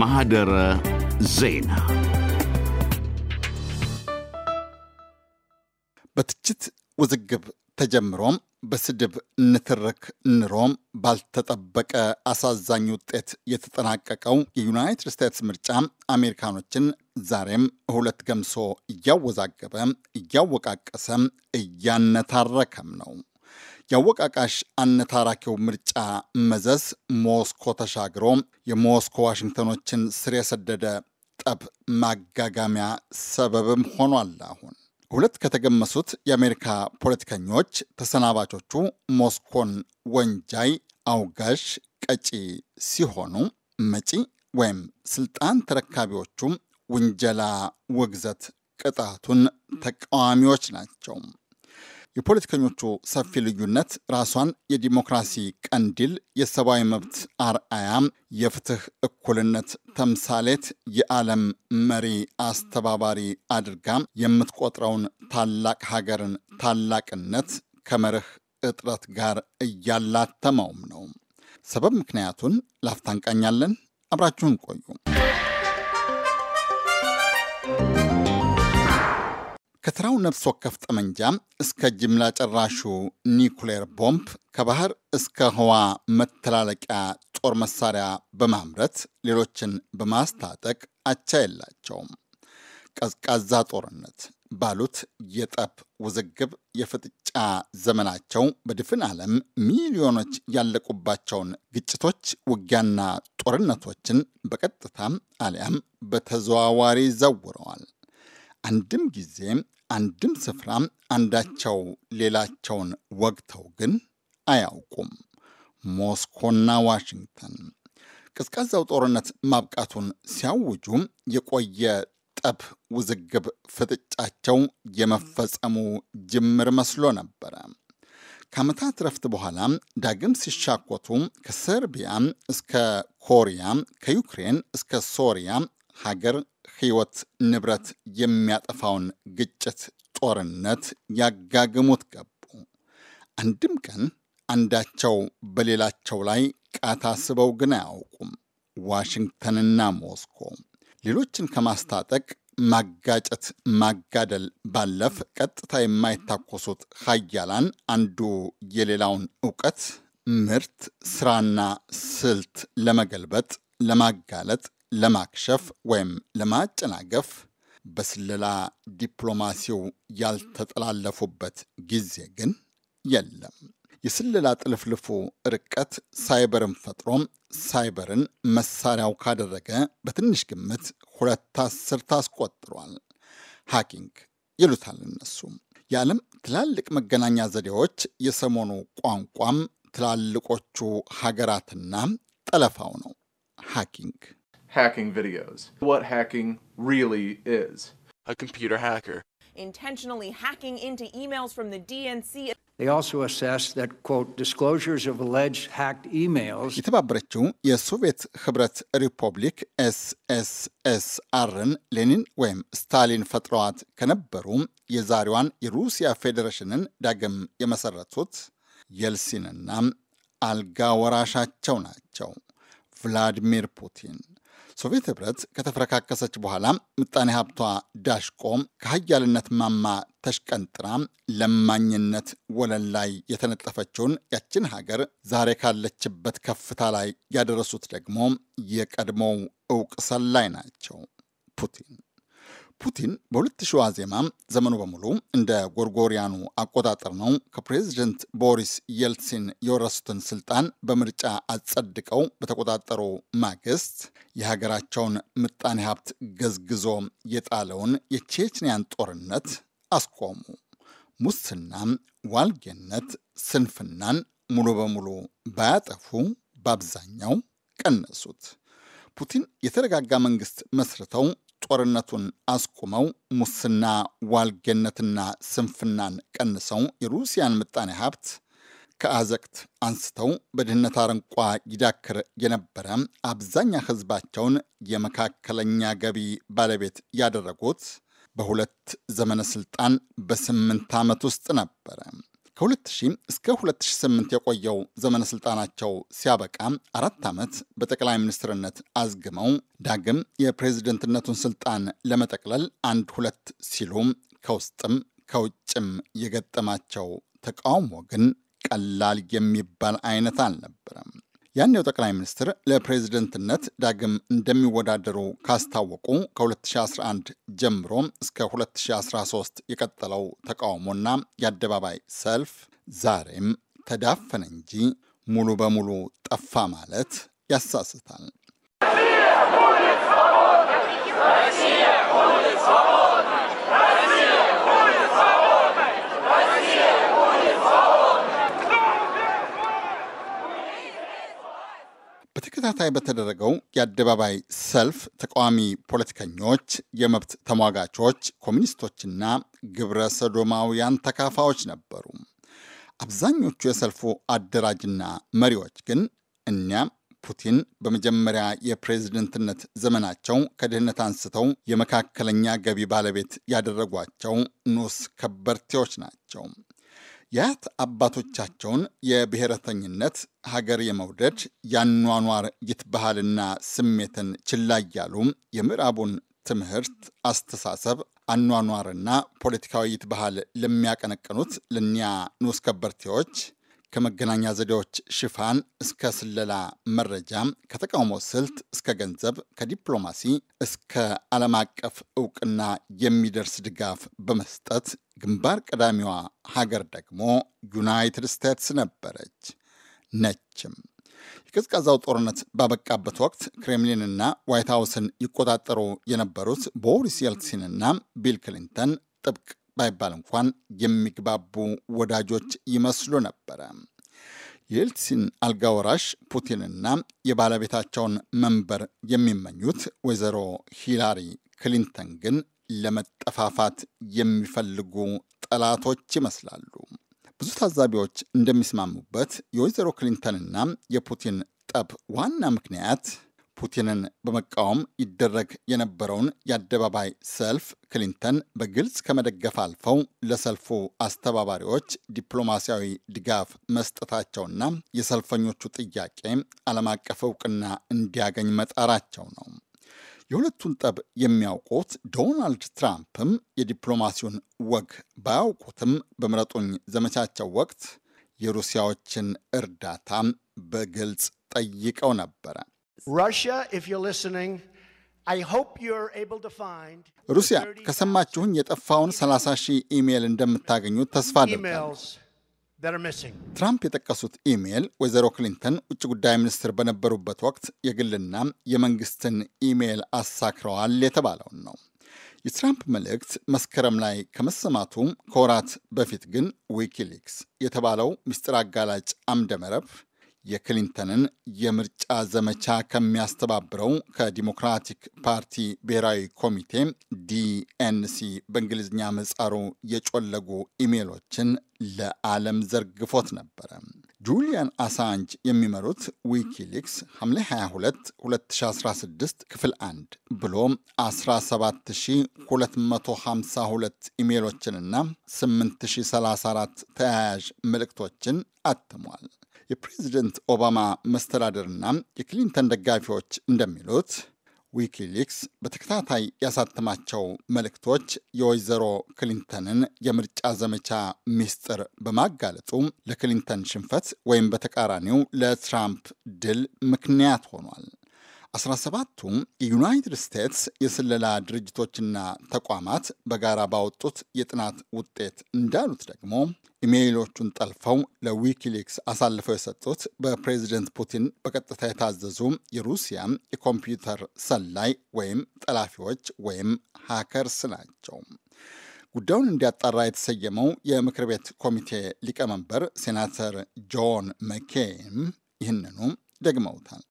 ማህደረ ዜና በትችት ውዝግብ ተጀምሮም በስድብ ንትርክ ንሮም ባልተጠበቀ አሳዛኝ ውጤት የተጠናቀቀው የዩናይትድ ስቴትስ ምርጫ አሜሪካኖችን ዛሬም ሁለት ገምሶ እያወዛገበ እያወቃቀሰ እያነታረከም ነው። የአወቃቃሽ አነታራኪው ምርጫ መዘዝ ሞስኮ ተሻግሮ የሞስኮ ዋሽንግተኖችን ስር የሰደደ ጠብ ማጋጋሚያ ሰበብም ሆኗል። አሁን ሁለት ከተገመሱት የአሜሪካ ፖለቲከኞች ተሰናባቾቹ ሞስኮን ወንጃይ፣ አውጋሽ፣ ቀጪ ሲሆኑ መጪ ወይም ስልጣን ተረካቢዎቹ ውንጀላ፣ ውግዘት፣ ቅጣቱን ተቃዋሚዎች ናቸው። የፖለቲከኞቹ ሰፊ ልዩነት ራሷን የዲሞክራሲ ቀንዲል፣ የሰብአዊ መብት አርአያም፣ የፍትህ እኩልነት ተምሳሌት፣ የዓለም መሪ አስተባባሪ አድርጋ የምትቆጥረውን ታላቅ ሀገርን ታላቅነት ከመርህ እጥረት ጋር እያላተመውም ነው። ሰበብ ምክንያቱን ላፍታ አብራችሁን ቆዩ። ከተራው ነፍስ ወከፍ ጠመንጃ እስከ ጅምላ ጨራሹ ኒኩሌር ቦምብ ከባህር እስከ ህዋ መተላለቂያ ጦር መሳሪያ በማምረት ሌሎችን በማስታጠቅ አቻ የላቸውም። ቀዝቃዛ ጦርነት ባሉት የጠብ ውዝግብ የፍጥጫ ዘመናቸው በድፍን ዓለም ሚሊዮኖች ያለቁባቸውን ግጭቶች፣ ውጊያና ጦርነቶችን በቀጥታም አሊያም በተዘዋዋሪ ዘውረዋል። አንድም ጊዜ አንድም ስፍራ አንዳቸው ሌላቸውን ወግተው ግን አያውቁም። ሞስኮና ዋሽንግተን ቀዝቃዛው ጦርነት ማብቃቱን ሲያውጁ የቆየ ጠብ፣ ውዝግብ፣ ፍጥጫቸው የመፈጸሙ ጅምር መስሎ ነበረ። ከዓመታት ረፍት በኋላ ዳግም ሲሻኮቱ ከሰርቢያ እስከ ኮሪያ ከዩክሬን እስከ ሶሪያ ሀገር ህይወት ንብረት የሚያጠፋውን ግጭት፣ ጦርነት ያጋግሙት ገቡ። አንድም ቀን አንዳቸው በሌላቸው ላይ ቃታ ስበው ግን አያውቁም። ዋሽንግተንና ሞስኮ ሌሎችን ከማስታጠቅ ማጋጨት፣ ማጋደል ባለፍ ቀጥታ የማይታኮሱት ሀያላን አንዱ የሌላውን እውቀት፣ ምርት፣ ስራና ስልት ለመገልበጥ ለማጋለጥ ለማክሸፍ ወይም ለማጨናገፍ በስለላ ዲፕሎማሲው ያልተጠላለፉበት ጊዜ ግን የለም። የስለላ ጥልፍልፉ ርቀት ሳይበርን ፈጥሮም ሳይበርን መሳሪያው ካደረገ በትንሽ ግምት ሁለት አስርት አስቆጥሯል። ሃኪንግ ይሉታል እነሱ። የዓለም ትላልቅ መገናኛ ዘዴዎች የሰሞኑ ቋንቋም ትላልቆቹ ሀገራትና ጠለፋው ነው ሃኪንግ። hacking videos. What hacking really is. A computer hacker. Intentionally hacking into emails from the DNC. They also assess that, quote, disclosures of alleged hacked emails. የተባበረችው የሶቪየት ህብረት ሪፐብሊክ ኤስኤስኤስአርን ሌኒን ወይም ስታሊን ፈጥረዋት ከነበሩ የዛሬዋን የሩሲያ ፌዴሬሽንን ዳግም የመሰረቱት የልሲንና አልጋ ወራሻቸው ናቸው ቭላዲሚር ፑቲን። ሶቪየት ህብረት ከተፈረካከሰች በኋላ ምጣኔ ሀብቷ ዳሽቆ ከሀያልነት ማማ ተሽቀንጥራ ለማኝነት ወለል ላይ የተነጠፈችውን ያችን ሀገር ዛሬ ካለችበት ከፍታ ላይ ያደረሱት ደግሞ የቀድሞው እውቅ ሰላይ ናቸው፣ ፑቲን። ፑቲን በሁለት ሺዋ ዜማ ዘመኑ በሙሉ እንደ ጎርጎሪያኑ አቆጣጠር ነው ከፕሬዚደንት ቦሪስ የልሲን የወረሱትን ስልጣን በምርጫ አጸድቀው በተቆጣጠሩ ማግስት የሀገራቸውን ምጣኔ ሀብት ገዝግዞ የጣለውን የቼችንያን ጦርነት አስቆሙ። ሙስናም፣ ዋልጌነት፣ ስንፍናን ሙሉ በሙሉ ባያጠፉ በአብዛኛው ቀነሱት። ፑቲን የተረጋጋ መንግስት መስርተው ጦርነቱን አስቁመው ሙስና፣ ዋልጌነትና ስንፍናን ቀንሰው የሩሲያን ምጣኔ ሀብት ከአዘቅት አንስተው በድህነት አረንቋ ይዳክር የነበረ አብዛኛ ህዝባቸውን የመካከለኛ ገቢ ባለቤት ያደረጉት በሁለት ዘመነ ስልጣን በስምንት ዓመት ውስጥ ነበረ። ከ2000 እስከ 2008 የቆየው ዘመነ ስልጣናቸው ሲያበቃ አራት ዓመት በጠቅላይ ሚኒስትርነት አዝግመው ዳግም የፕሬዝደንትነቱን ስልጣን ለመጠቅለል አንድ ሁለት ሲሉ ከውስጥም ከውጭም የገጠማቸው ተቃውሞ ግን ቀላል የሚባል አይነት አልነበረም። ያኔው ጠቅላይ ሚኒስትር ለፕሬዝደንትነት ዳግም እንደሚወዳደሩ ካስታወቁ ከ2011 ጀምሮ እስከ 2013 የቀጠለው ተቃውሞና የአደባባይ ሰልፍ ዛሬም ተዳፈነ እንጂ ሙሉ በሙሉ ጠፋ ማለት ያሳስታል። በተከታታይ በተደረገው የአደባባይ ሰልፍ ተቃዋሚ ፖለቲከኞች፣ የመብት ተሟጋቾች፣ ኮሚኒስቶችና ግብረ ሰዶማውያን ተካፋዎች ነበሩ። አብዛኞቹ የሰልፉ አደራጅና መሪዎች ግን እኒያ ፑቲን በመጀመሪያ የፕሬዝደንትነት ዘመናቸው ከድህነት አንስተው የመካከለኛ ገቢ ባለቤት ያደረጓቸው ኑስ ከበርቴዎች ናቸው። ያት አባቶቻቸውን የብሔረተኝነት፣ ሀገር የመውደድ፣ ያኗኗር ይትባህልና ስሜትን ችላ እያሉ የምዕራቡን ትምህርት፣ አስተሳሰብ፣ አኗኗርና ፖለቲካዊ ይትባህል ለሚያቀነቅኑት ልኒያ ንዑስ ከበርቴዎች ከመገናኛ ዘዴዎች ሽፋን እስከ ስለላ መረጃ፣ ከተቃውሞ ስልት እስከ ገንዘብ፣ ከዲፕሎማሲ እስከ ዓለም አቀፍ እውቅና የሚደርስ ድጋፍ በመስጠት ግንባር ቀዳሚዋ ሀገር ደግሞ ዩናይትድ ስቴትስ ነበረች ነችም። የቀዝቃዛው ጦርነት ባበቃበት ወቅት ክሬምሊንና ዋይት ሀውስን ይቆጣጠሩ የነበሩት ቦሪስ የልሲንና ቢል ክሊንተን ጥብቅ ባይባል እንኳን የሚግባቡ ወዳጆች ይመስሉ ነበረ። የኤልሲን አልጋ ወራሽ ፑቲንና የባለቤታቸውን መንበር የሚመኙት ወይዘሮ ሂላሪ ክሊንተን ግን ለመጠፋፋት የሚፈልጉ ጠላቶች ይመስላሉ። ብዙ ታዛቢዎች እንደሚስማሙበት የወይዘሮ ክሊንተንና የፑቲን ጠብ ዋና ምክንያት ፑቲንን በመቃወም ይደረግ የነበረውን የአደባባይ ሰልፍ ክሊንተን በግልጽ ከመደገፍ አልፈው ለሰልፉ አስተባባሪዎች ዲፕሎማሲያዊ ድጋፍ መስጠታቸውና የሰልፈኞቹ ጥያቄ ዓለም አቀፍ እውቅና እንዲያገኝ መጣራቸው ነው። የሁለቱን ጠብ የሚያውቁት ዶናልድ ትራምፕም የዲፕሎማሲውን ወግ ባያውቁትም በምረጡኝ ዘመቻቸው ወቅት የሩሲያዎችን እርዳታ በግልጽ ጠይቀው ነበረ። ሩሲያ ከሰማችሁኝ የጠፋውን 30 ሺህ ኢሜይል እንደምታገኙት ተስፋ አድርጋለሁ። ትራምፕ የጠቀሱት ኢሜይል ወይዘሮ ክሊንተን ውጭ ጉዳይ ሚኒስትር በነበሩበት ወቅት የግልና የመንግስትን ኢሜይል አሳክረዋል የተባለውን ነው። የትራምፕ መልእክት መስከረም ላይ ከመሰማቱ ከወራት በፊት ግን ዊኪሊክስ የተባለው ምስጢር አጋላጭ አምደመረብ የክሊንተንን የምርጫ ዘመቻ ከሚያስተባብረው ከዲሞክራቲክ ፓርቲ ብሔራዊ ኮሚቴ ዲኤንሲ በእንግሊዝኛ ምህጻሩ የጮለጉ ኢሜሎችን ለዓለም ዘርግፎት ነበረ። ጁሊያን አሳንጅ የሚመሩት ዊኪሊክስ ሐምሌ 22 2016 ክፍል 1 ብሎ 17252 ኢሜሎችንና 8034 ተያያዥ ምልክቶችን አትሟል። የፕሬዚደንት ኦባማ መስተዳደርና የክሊንተን ደጋፊዎች እንደሚሉት ዊኪሊክስ በተከታታይ ያሳተማቸው መልእክቶች የወይዘሮ ክሊንተንን የምርጫ ዘመቻ ሚስጥር በማጋለጡ ለክሊንተን ሽንፈት ወይም በተቃራኒው ለትራምፕ ድል ምክንያት ሆኗል። 17ቱም የዩናይትድ ስቴትስ የስለላ ድርጅቶችና ተቋማት በጋራ ባወጡት የጥናት ውጤት እንዳሉት ደግሞ ኢሜይሎቹን ጠልፈው ለዊኪሊክስ አሳልፈው የሰጡት በፕሬዚደንት ፑቲን በቀጥታ የታዘዙ የሩሲያ የኮምፒውተር ሰላይ ወይም ጠላፊዎች ወይም ሃከርስ ናቸው። ጉዳዩን እንዲያጣራ የተሰየመው የምክር ቤት ኮሚቴ ሊቀመንበር ሴናተር ጆን መኬን ይህንኑ ደግመውታል።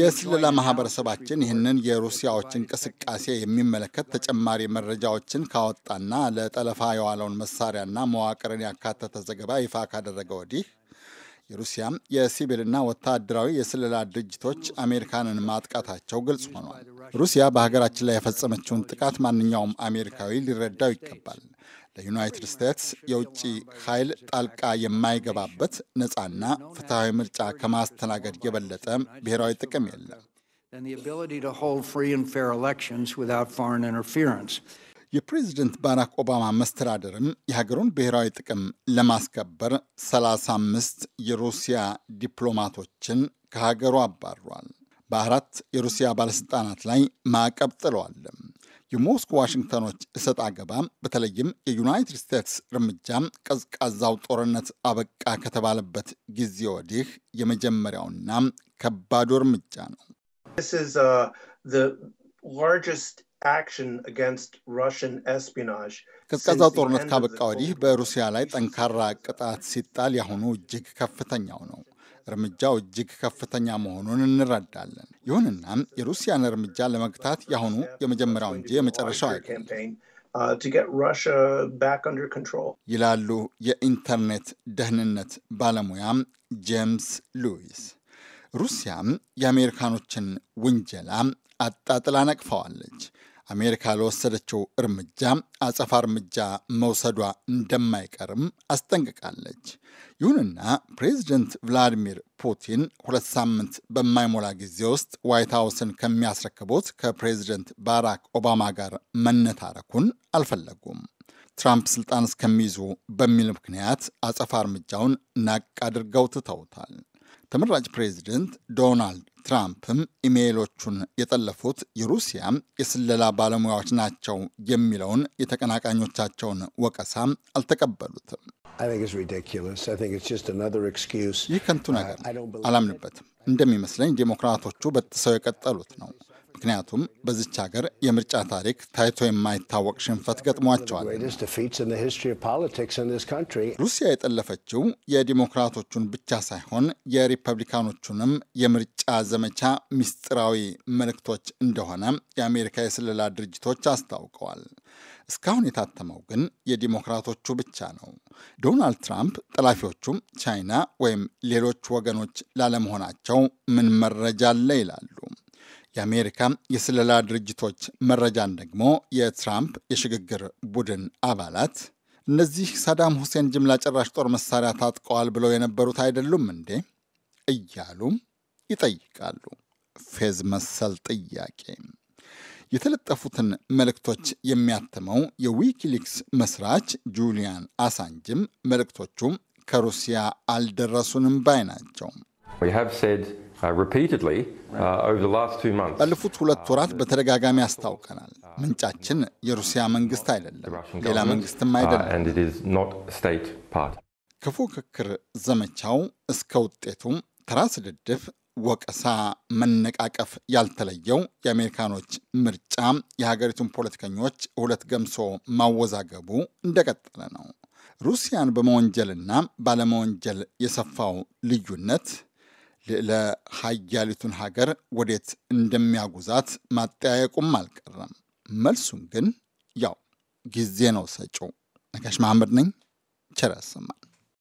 የስለላ ማህበረሰባችን ይህንን የሩሲያዎች እንቅስቃሴ የሚመለከት ተጨማሪ መረጃዎችን ካወጣና ለጠለፋ የዋለውን መሳሪያና መዋቅርን ያካተተ ዘገባ ይፋ ካደረገ ወዲህ የሩሲያም የሲቪልና ወታደራዊ የስለላ ድርጅቶች አሜሪካንን ማጥቃታቸው ግልጽ ሆኗል። ሩሲያ በሀገራችን ላይ የፈጸመችውን ጥቃት ማንኛውም አሜሪካዊ ሊረዳው ይገባል። ለዩናይትድ ስቴትስ የውጭ ኃይል ጣልቃ የማይገባበት ነፃና ፍትሐዊ ምርጫ ከማስተናገድ የበለጠ ብሔራዊ ጥቅም የለም። የፕሬዝደንት ባራክ ኦባማ መስተዳደርም የሀገሩን ብሔራዊ ጥቅም ለማስከበር 35 የሩሲያ ዲፕሎማቶችን ከሀገሩ አባሯል። በአራት የሩሲያ ባለሥልጣናት ላይ ማዕቀብ ጥለዋለም። የሞስኮ ዋሽንግተኖች እሰጥ አገባ በተለይም የዩናይትድ ስቴትስ እርምጃ ቀዝቃዛው ጦርነት አበቃ ከተባለበት ጊዜ ወዲህ የመጀመሪያውና ከባዱ እርምጃ ነው። uh, ቀዝቃዛው ጦርነት ካበቃ ወዲህ በሩሲያ ላይ ጠንካራ ቅጣት ሲጣል ያሁኑ እጅግ ከፍተኛው ነው። እርምጃው እጅግ ከፍተኛ መሆኑን እንረዳለን። ይሁንና የሩሲያን እርምጃ ለመግታት ያሁኑ የመጀመሪያው እንጂ የመጨረሻው አይደለም ይላሉ የኢንተርኔት ደህንነት ባለሙያም ጄምስ ሉዊስ። ሩሲያም የአሜሪካኖችን ውንጀላ አጣጥላ ነቅፈዋለች። አሜሪካ ለወሰደችው እርምጃ አጸፋ እርምጃ መውሰዷ እንደማይቀርም አስጠንቅቃለች። ይሁንና ፕሬዚደንት ቭላዲሚር ፑቲን ሁለት ሳምንት በማይሞላ ጊዜ ውስጥ ዋይት ሀውስን ከሚያስረክቡት ከፕሬዚደንት ባራክ ኦባማ ጋር መነታረኩን አልፈለጉም። ትራምፕ ስልጣን እስከሚይዙ በሚል ምክንያት አጸፋ እርምጃውን ናቅ አድርገው ትተውታል። ተመራጭ ፕሬዚደንት ዶናልድ ትራምፕም ኢሜይሎቹን የጠለፉት የሩሲያ የስለላ ባለሙያዎች ናቸው የሚለውን የተቀናቃኞቻቸውን ወቀሳ አልተቀበሉትም። ይህ ከንቱ ነገር አላምንበትም። እንደሚመስለኝ ዴሞክራቶቹ በጥሰው የቀጠሉት ነው። ምክንያቱም በዚች ሀገር የምርጫ ታሪክ ታይቶ የማይታወቅ ሽንፈት ገጥሟቸዋል። ሩሲያ የጠለፈችው የዲሞክራቶቹን ብቻ ሳይሆን የሪፐብሊካኖቹንም የምርጫ ዘመቻ ምስጢራዊ መልእክቶች እንደሆነ የአሜሪካ የስለላ ድርጅቶች አስታውቀዋል። እስካሁን የታተመው ግን የዲሞክራቶቹ ብቻ ነው። ዶናልድ ትራምፕ ጠላፊዎቹም ቻይና ወይም ሌሎች ወገኖች ላለመሆናቸው ምን መረጃ አለ ይላሉ። የአሜሪካ የስለላ ድርጅቶች መረጃን ደግሞ የትራምፕ የሽግግር ቡድን አባላት እነዚህ ሳዳም ሁሴን ጅምላ ጨራሽ ጦር መሳሪያ ታጥቀዋል ብለው የነበሩት አይደሉም እንዴ እያሉ ይጠይቃሉ። ፌዝ መሰል ጥያቄ የተለጠፉትን መልእክቶች የሚያትመው የዊኪሊክስ መስራች ጁሊያን አሳንጅም መልእክቶቹም ከሩሲያ አልደረሱንም ባይ ናቸው። Uh, uh, ባለፉት ሁለት uh, ወራት በተደጋጋሚ አስታውቀናል። ምንጫችን የሩሲያ መንግስት አይደለም፣ ሌላ መንግስትም አይደለም። ከፉክክር ዘመቻው እስከ ውጤቱም ተራ ስድድፍ፣ ወቀሳ፣ መነቃቀፍ ያልተለየው የአሜሪካኖች ምርጫ የሀገሪቱን ፖለቲከኞች ሁለት ገምሶ ማወዛገቡ እንደቀጠለ ነው። ሩሲያን በመወንጀልና ባለመወንጀል የሰፋው ልዩነት ለሀያሊቱን ሀገር ወዴት እንደሚያጉዛት ማጠያየቁም አልቀረም። መልሱም ግን ያው ጊዜ ነው ሰጪው። ነጋሽ መሐመድ ነኝ። ቸር ያሰማል።